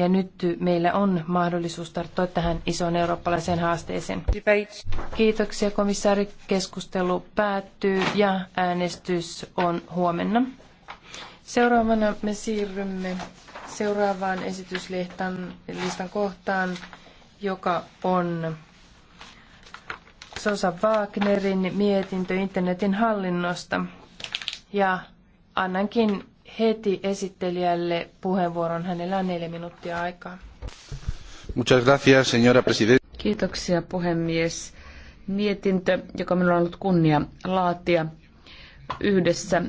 Ja nyt meillä on mahdollisuus tarttua tähän isoon eurooppalaiseen haasteeseen. Kiitoksia komissaari. Keskustelu päättyy ja äänestys on huomenna. Seuraavana me siirrymme seuraavaan esityslistan listan kohtaan, joka on Sosa Wagnerin mietintö internetin hallinnosta. Ja annankin heti esittelijälle puheenvuoron. Hänellä on neljä minuuttia aikaa. Muchas gracias, señora presidenta. Kiitoksia, puhemies. Mietintö, joka minulla on ollut kunnia laatia yhdessä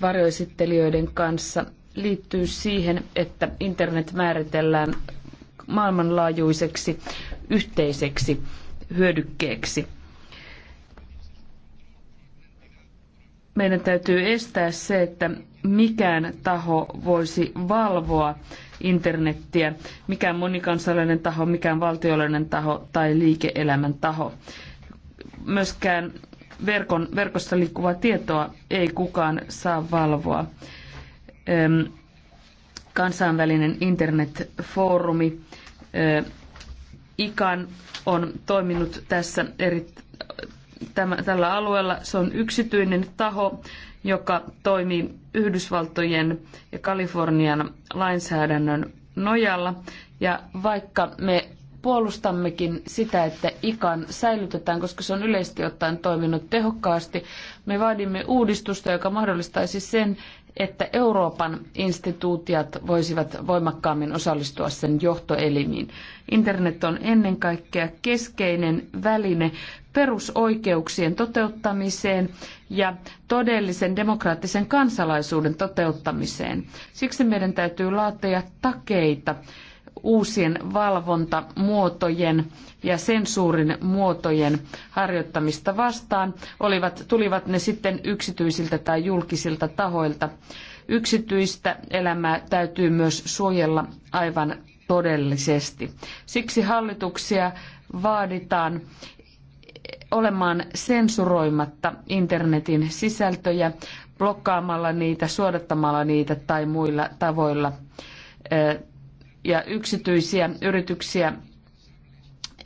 varjoesittelijöiden kanssa, liittyy siihen, että internet määritellään maailmanlaajuiseksi yhteiseksi hyödykkeeksi – meidän täytyy estää se, että mikään taho voisi valvoa internettiä, mikään monikansallinen taho, mikään valtiollinen taho tai liike-elämän taho. Myöskään verkon, verkossa liikkuvaa tietoa ei kukaan saa valvoa. Öm, kansainvälinen internetfoorumi ö, ICAN on toiminut tässä erittäin tämä, tällä alueella. Se on yksityinen taho, joka toimii Yhdysvaltojen ja Kalifornian lainsäädännön nojalla. Ja vaikka me puolustammekin sitä, että ikan säilytetään, koska se on yleisesti ottaen toiminut tehokkaasti. Me vaadimme uudistusta, joka mahdollistaisi sen, että Euroopan instituutiot voisivat voimakkaammin osallistua sen johtoelimiin. Internet on ennen kaikkea keskeinen väline perusoikeuksien toteuttamiseen ja todellisen demokraattisen kansalaisuuden toteuttamiseen. Siksi meidän täytyy laatia takeita uusien valvontamuotojen ja sensuurin muotojen harjoittamista vastaan, olivat, tulivat ne sitten yksityisiltä tai julkisilta tahoilta. Yksityistä elämää täytyy myös suojella aivan todellisesti. Siksi hallituksia vaaditaan olemaan sensuroimatta internetin sisältöjä, blokkaamalla niitä, suodattamalla niitä tai muilla tavoilla ja yksityisiä yrityksiä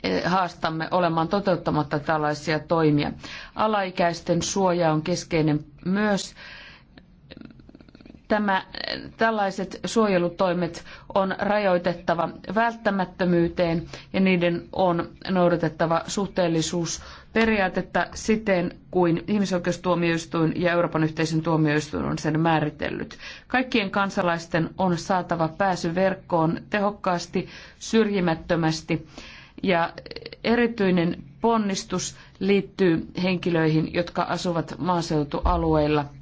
eh, haastamme olemaan toteuttamatta tällaisia toimia. Alaikäisten suoja on keskeinen myös tämä, tällaiset suojelutoimet on rajoitettava välttämättömyyteen ja niiden on noudatettava suhteellisuusperiaatetta siten kuin ihmisoikeustuomioistuin ja Euroopan yhteisön tuomioistuin on sen määritellyt. Kaikkien kansalaisten on saatava pääsy verkkoon tehokkaasti, syrjimättömästi ja erityinen ponnistus liittyy henkilöihin, jotka asuvat maaseutualueilla –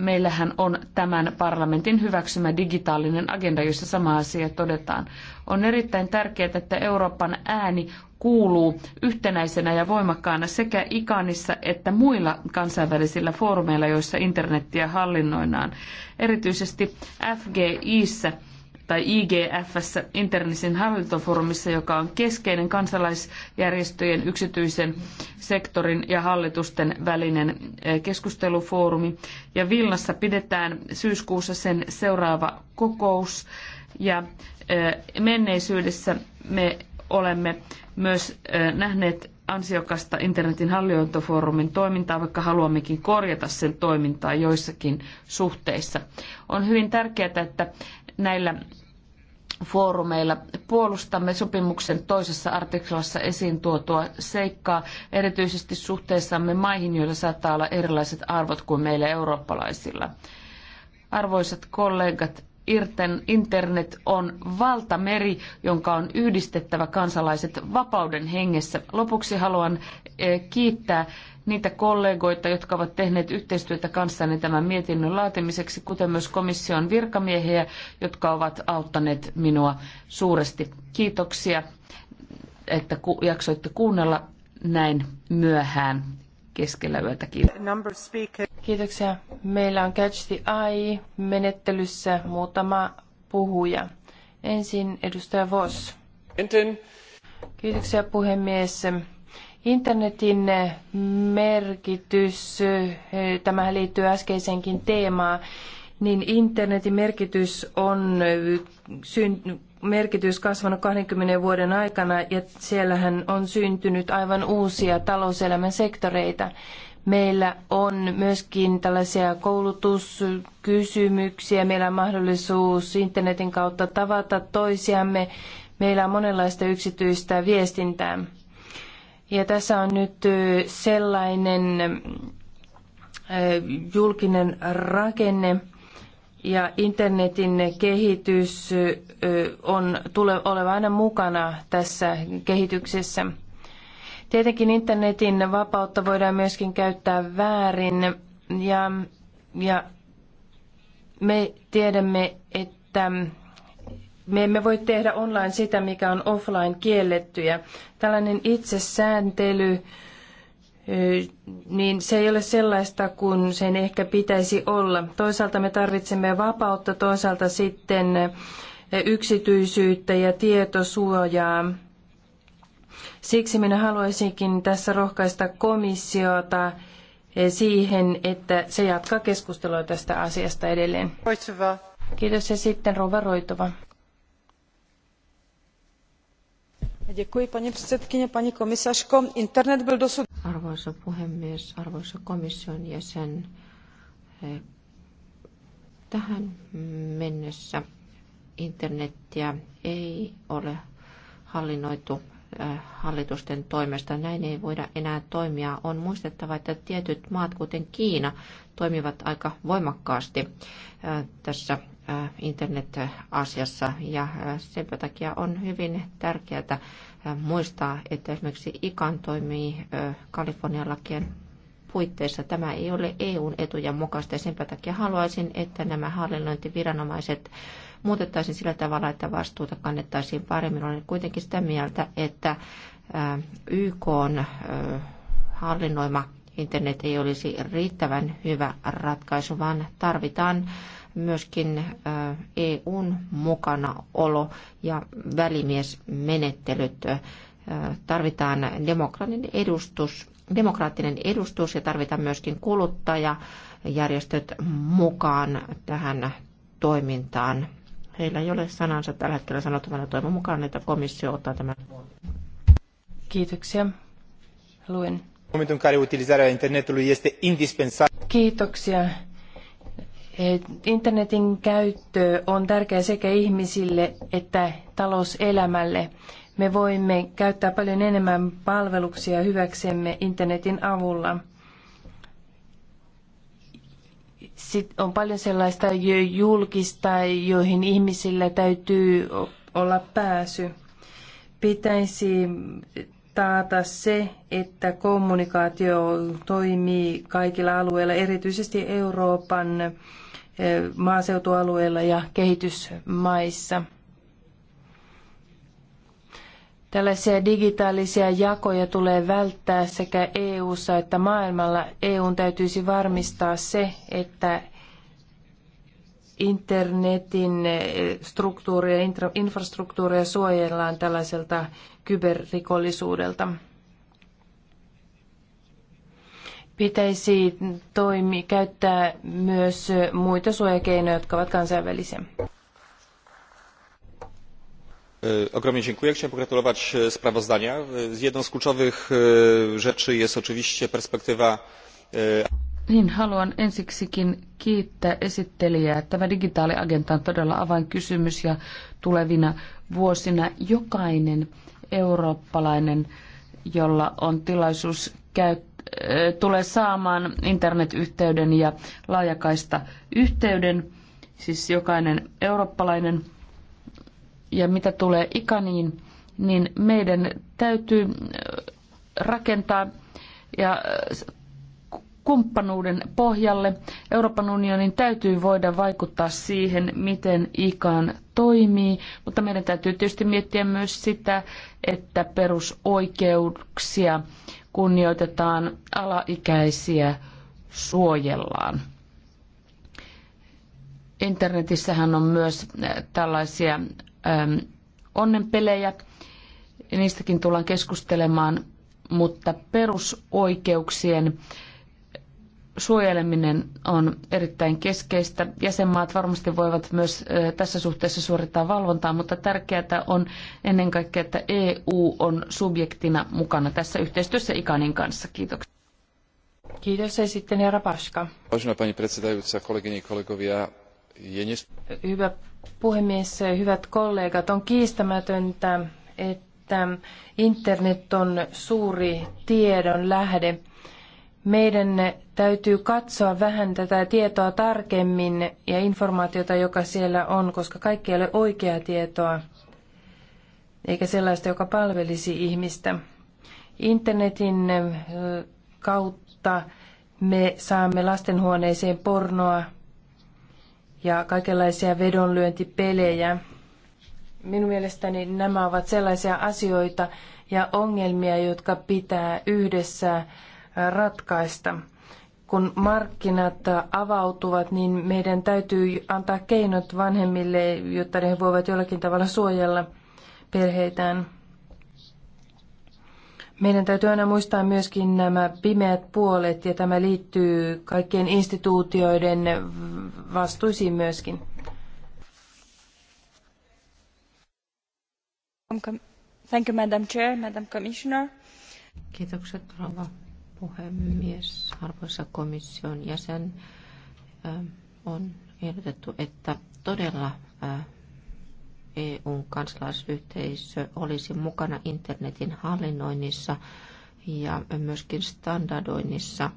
meillähän on tämän parlamentin hyväksymä digitaalinen agenda, jossa sama asia todetaan. On erittäin tärkeää, että Euroopan ääni kuuluu yhtenäisenä ja voimakkaana sekä ikanissa että muilla kansainvälisillä foorumeilla, joissa internettiä hallinnoinaan. Erityisesti FGIssä tai IGFssä, internetin hallintofoorumissa, joka on keskeinen kansalaisjärjestöjen, yksityisen sektorin ja hallitusten välinen eh, keskustelufoorumi. Ja Villassa pidetään syyskuussa sen seuraava kokous. Ja eh, menneisyydessä me olemme myös eh, nähneet ansiokasta internetin hallintofoorumin toimintaa, vaikka haluammekin korjata sen toimintaa joissakin suhteissa. On hyvin tärkeää, että näillä foorumeilla puolustamme sopimuksen toisessa artiklassa esiin tuotua seikkaa, erityisesti suhteessamme maihin, joilla saattaa olla erilaiset arvot kuin meillä eurooppalaisilla. Arvoisat kollegat, internet on valtameri, jonka on yhdistettävä kansalaiset vapauden hengessä. Lopuksi haluan eh, kiittää niitä kollegoita, jotka ovat tehneet yhteistyötä kanssani tämän mietinnön laatimiseksi, kuten myös komission virkamiehiä, jotka ovat auttaneet minua suuresti. Kiitoksia, että jaksoitte kuunnella näin myöhään keskellä yötä. Kiitos. Kiitoksia. Meillä on Catch the Eye-menettelyssä muutama puhuja. Ensin edustaja Voss. Enten. Kiitoksia puhemies. Internetin merkitys, tämä liittyy äskeiseenkin teemaan, niin internetin merkitys on merkitys kasvanut 20 vuoden aikana ja siellähän on syntynyt aivan uusia talouselämän sektoreita. Meillä on myöskin tällaisia koulutuskysymyksiä, meillä on mahdollisuus internetin kautta tavata toisiamme, meillä on monenlaista yksityistä viestintää. Ja tässä on nyt sellainen julkinen rakenne ja internetin kehitys on tulee oleva aina mukana tässä kehityksessä. Tietenkin internetin vapautta voidaan myöskin käyttää väärin ja, ja me tiedämme, että me emme voi tehdä online sitä, mikä on offline kiellettyä. Tällainen itsesääntely, niin se ei ole sellaista kuin sen ehkä pitäisi olla. Toisaalta me tarvitsemme vapautta, toisaalta sitten yksityisyyttä ja tietosuojaa. Siksi minä haluaisinkin tässä rohkaista komissiota eh, siihen, että se jatkaa keskustelua tästä asiasta edelleen. Roitova. Kiitos ja sitten Rova Roitova. Arvoisa puhemies, arvoisa komission jäsen, eh, tähän mennessä internetiä ei ole hallinnoitu hallitusten toimesta. Näin ei voida enää toimia. On muistettava, että tietyt maat, kuten Kiina, toimivat aika voimakkaasti tässä internet-asiassa ja sen takia on hyvin tärkeää muistaa, että esimerkiksi ICAN toimii Kalifornian lakien puitteissa. Tämä ei ole EUn etujen mukaista ja sen takia haluaisin, että nämä hallinnointiviranomaiset muutettaisiin sillä tavalla, että vastuuta kannettaisiin paremmin. Olen kuitenkin sitä mieltä, että YK on hallinnoima internet ei olisi riittävän hyvä ratkaisu, vaan tarvitaan myöskin EUn mukanaolo ja välimiesmenettelyt. Tarvitaan demokraattinen edustus, demokraattinen edustus ja tarvitaan myöskin kuluttajajärjestöt mukaan tähän toimintaan. Heillä ei ole sanansa tällä hetkellä sanottavana. Toivon mukaan, että komissio ottaa tämän. Kiitoksia. Luen. Momentul în care utilizarea internetului este indispensabilă. Kiitoksia. E, internetin käyttö on tärkeä sekä ihmisille että talouselämälle. Me voimme käyttää paljon enemmän palveluksia hyväksemme internetin avulla. Sit on paljon sellaista julkista, joihin ihmisillä täytyy olla pääsy. Pitäisi taata se, että kommunikaatio toimii kaikilla alueilla, erityisesti Euroopan eh, maaseutualueilla ja kehitysmaissa. Tällaisia digitaalisia jakoja tulee välttää sekä EU:ssa että maailmalla. EUn täytyisi varmistaa se, että internetin eh, struktuuria, infrastruktuuria suojellaan tällaiselta kyberrikollisuudelta. Pitäisi toimi, käyttää myös muita suojakeinoja, jotka ovat kansainvälisiä. E, chciałem pogratulować e, sprawozdania. E, jedną z kluczowych rzeczy jest oczywiście perspektywa. Niin, haluan ensiksikin kiittää esittelijää. Tämä digitaaliagenda on todella avainkysymys ja tulevina vuosina jokainen eurooppalainen, jolla on tilaisuus käyttää tulee saamaan internetyhteyden ja laajakaista yhteyden, siis jokainen eurooppalainen ja mitä tulee ikaniin, niin meidän täytyy äh, rakentaa ja äh, kumppanuuden pohjalle. Euroopan unionin täytyy voida vaikuttaa siihen, miten ikan toimii, mutta meidän täytyy tietysti miettiä myös sitä, että perusoikeuksia kunnioitetaan, alaikäisiä suojellaan. Internetissähän on myös äh, tällaisia onnenpelejä. Niistäkin tullaan keskustelemaan, mutta perusoikeuksien suojeleminen on erittäin keskeistä. Jäsenmaat varmasti voivat myös tässä suhteessa suorittaa valvontaa, mutta tärkeää on ennen kaikkea, että EU on subjektina mukana tässä yhteistyössä Ikanin kanssa. Kiitoksia. Kiitos ja sitten herra Paska. Vážená pani predsedajúca, kolegyne, kolegovia, Hyvä puhemies, hyvät kollegat, on kiistämätöntä, että internet on suuri tiedon lähde. Meidän täytyy katsoa vähän tätä tietoa tarkemmin ja informaatiota, joka siellä on, koska kaikki ei ole oikeaa tietoa, eikä sellaista, joka palvelisi ihmistä. Internetin äh, kautta me saamme lastenhuoneeseen pornoa, ja kaikenlaisia vedonlyöntipelejä. Minun mielestäni nämä ovat sellaisia asioita ja ongelmia, jotka pitää yhdessä ratkaista. Kun markkinat avautuvat, niin meidän täytyy antaa keinot vanhemmille, jotta he voivat jollakin tavalla suojella perheitään. Meidän täytyy aina muistaa myöskin nämä pimeät puolet ja tämä liittyy kaikkien instituutioiden vastuisiin myöskin. Thank you, Madam Chair, Madam Commissioner. Kiitokset, rouva puhemies. Arvoisa komission jäsen, on ehdotettu, että todella EUn kansalaisyhteisö olisi mukana internetin hallinnoinnissa ja myöskin standardoinnissa,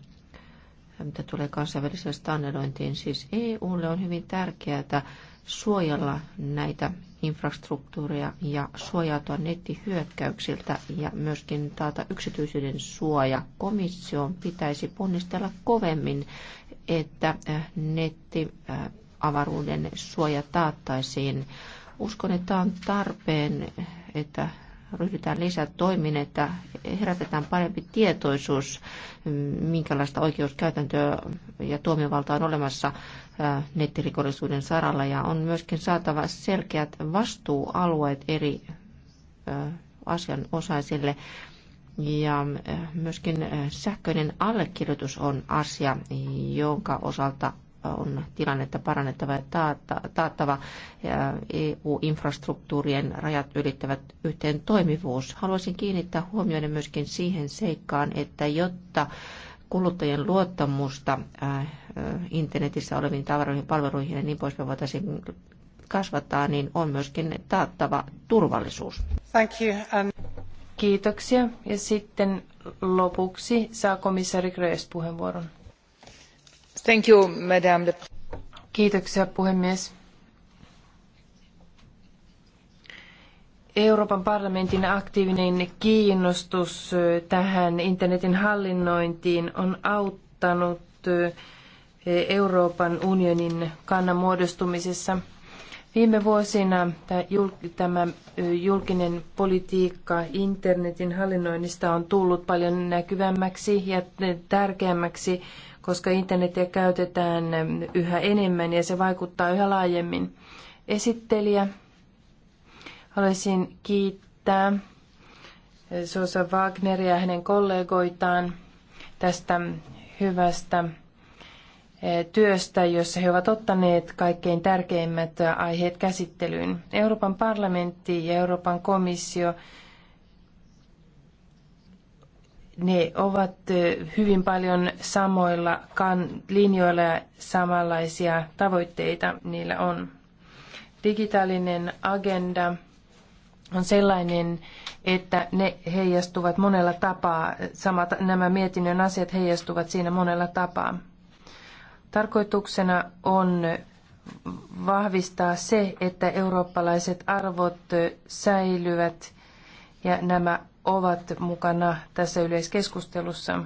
mitä tulee kansainväliseen standardointiin. Siis EUlle on hyvin tärkeää suojella näitä infrastruktuuria ja suojautua nettihyökkäyksiltä ja myöskin taata yksityisyyden suoja. Komission pitäisi ponnistella kovemmin, että netti avaruuden suoja taattaisiin Uskon, että on tarpeen, että ryhdytään toimin, että herätetään parempi tietoisuus, minkälaista oikeuskäytäntöä ja tuomiovalta on olemassa nettirikollisuuden saralla. Ja on myöskin saatava selkeät vastuualueet eri asianosaisille. Ja myöskin sähköinen allekirjoitus on asia, jonka osalta on tilannetta parannettava ja taattava EU-infrastruktuurien rajat ylittävät yhteen toimivuus. Haluaisin kiinnittää huomioon myöskin siihen seikkaan, että jotta kuluttajien luottamusta äh, internetissä oleviin tavaroihin, palveluihin ja niin poispäin voitaisiin kasvattaa, niin on myöskin taattava turvallisuus. Thank you. Kiitoksia. Ja sitten lopuksi saa komissaari Grös puheenvuoron arvoisa Kiitoksia puhemies. Euroopan parlamentin aktiivinen kiinnostus tähän internetin hallinnointiin on auttanut eh, Euroopan unionin kannan muodostumisessa. Viime vuosina tämä eh, julkinen politiikka internetin hallinnoinnista on tullut paljon näkyvämmäksi ja eh, tärkeämmäksi koska internetiä käytetään yhä enemmän ja se vaikuttaa yhä laajemmin. Esittelijä, haluaisin kiittää Sosa Wagneria ja hänen kollegoitaan tästä hyvästä eh, työstä, jossa he ovat ottaneet kaikkein tärkeimmät eh, aiheet käsittelyyn. Euroopan parlamentti ja Euroopan komissio ne ovat hyvin paljon samoilla linjoilla ja samanlaisia tavoitteita niillä on. Digitaalinen agenda on sellainen, että ne heijastuvat monella tapaa. Samat, nämä mietinnön asiat heijastuvat siinä monella tapaa. Tarkoituksena on vahvistaa se, että eurooppalaiset arvot säilyvät ja nämä ovat mukana tässä yleiskeskustelussa.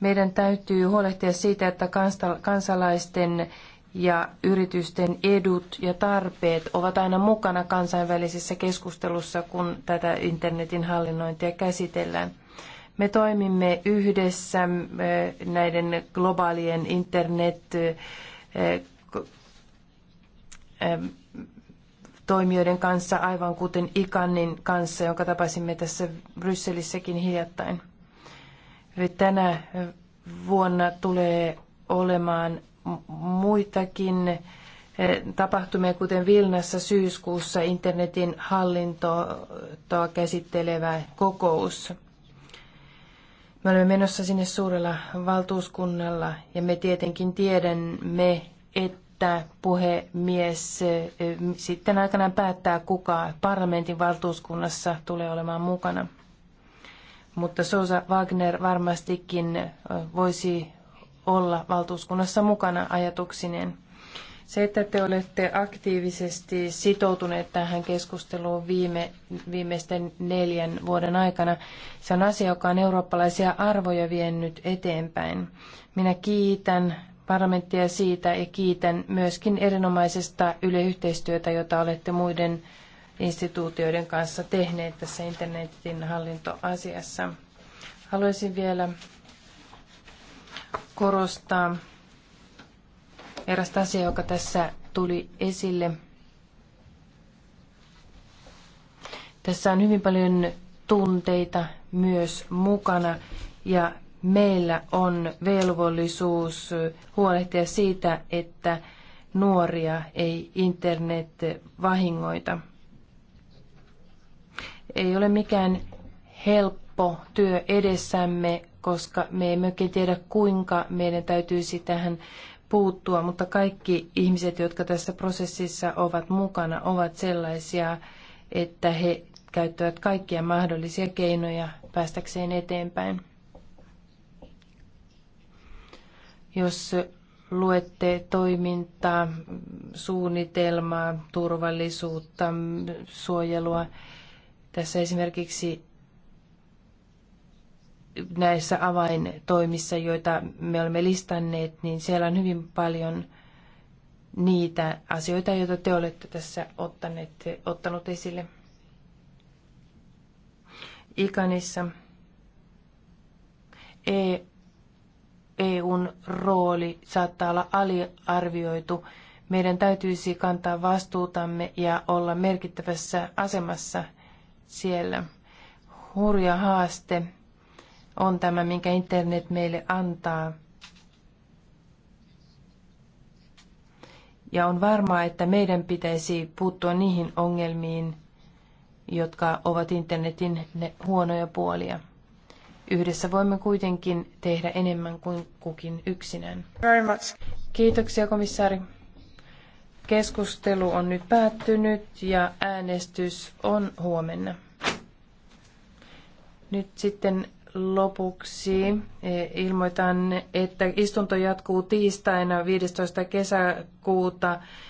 Meidän täytyy huolehtia siitä, että kansalaisten ja yritysten edut ja tarpeet ovat aina mukana kansainvälisessä keskustelussa, kun tätä internetin hallinnointia käsitellään. Me toimimme yhdessä äh, näiden globaalien internet äh, ähm, toimijoiden kanssa, aivan kuten Ikannin kanssa, jonka tapasimme tässä Brysselissäkin hiljattain. Tänä vuonna tulee olemaan muitakin eh, tapahtumia, kuten Vilnassa syyskuussa internetin hallintoa käsittelevä kokous. Me olemme menossa sinne suurella valtuuskunnalla ja me tietenkin tiedämme, että että puhemies eh, sitten aikanaan päättää, kuka parlamentin valtuuskunnassa tulee olemaan mukana. Mutta Sousa Wagner varmastikin eh, voisi olla valtuuskunnassa mukana ajatuksineen. Se, että te olette aktiivisesti sitoutuneet tähän keskusteluun viime, viimeisten neljän vuoden aikana, se on asia, joka on eurooppalaisia arvoja viennyt eteenpäin. Minä kiitän parlamenttia siitä ja kiitän myöskin erinomaisesta yleyhteistyötä, jota olette muiden instituutioiden kanssa tehneet tässä internetin hallintoasiassa. Haluaisin vielä korostaa erästä asiaa, joka tässä tuli esille. Tässä on hyvin paljon tunteita myös mukana ja meillä on velvollisuus huolehtia siitä, että nuoria ei internet vahingoita. Ei ole mikään helppo työ edessämme, koska me emme oikein tiedä, kuinka meidän täytyisi tähän puuttua, mutta kaikki ihmiset, jotka tässä prosessissa ovat mukana, ovat sellaisia, että he käyttävät kaikkia mahdollisia keinoja päästäkseen eteenpäin. Jos luette toimintaa, suunnitelmaa, turvallisuutta, suojelua. Tässä esimerkiksi näissä avaintoimissa, joita me olemme listanneet, niin siellä on hyvin paljon niitä asioita, joita te olette tässä ottaneet, ottanut esille. Ikanissa EU EUn rooli saattaa olla aliarvioitu. Meidän täytyisi kantaa vastuutamme ja olla merkittävässä asemassa siellä. Hurja haaste on tämä, minkä internet meille antaa. Ja on varmaa, että meidän pitäisi puuttua niihin ongelmiin, jotka ovat internetin huonoja puolia. Yhdessä voimme kuitenkin tehdä enemmän kuin kukin yksinään. Very much. Kiitoksia komissaari. Keskustelu on nyt päättynyt ja äänestys on huomenna. Nyt sitten lopuksi e, ilmoitan, että istunto jatkuu tiistaina 15. kesäkuuta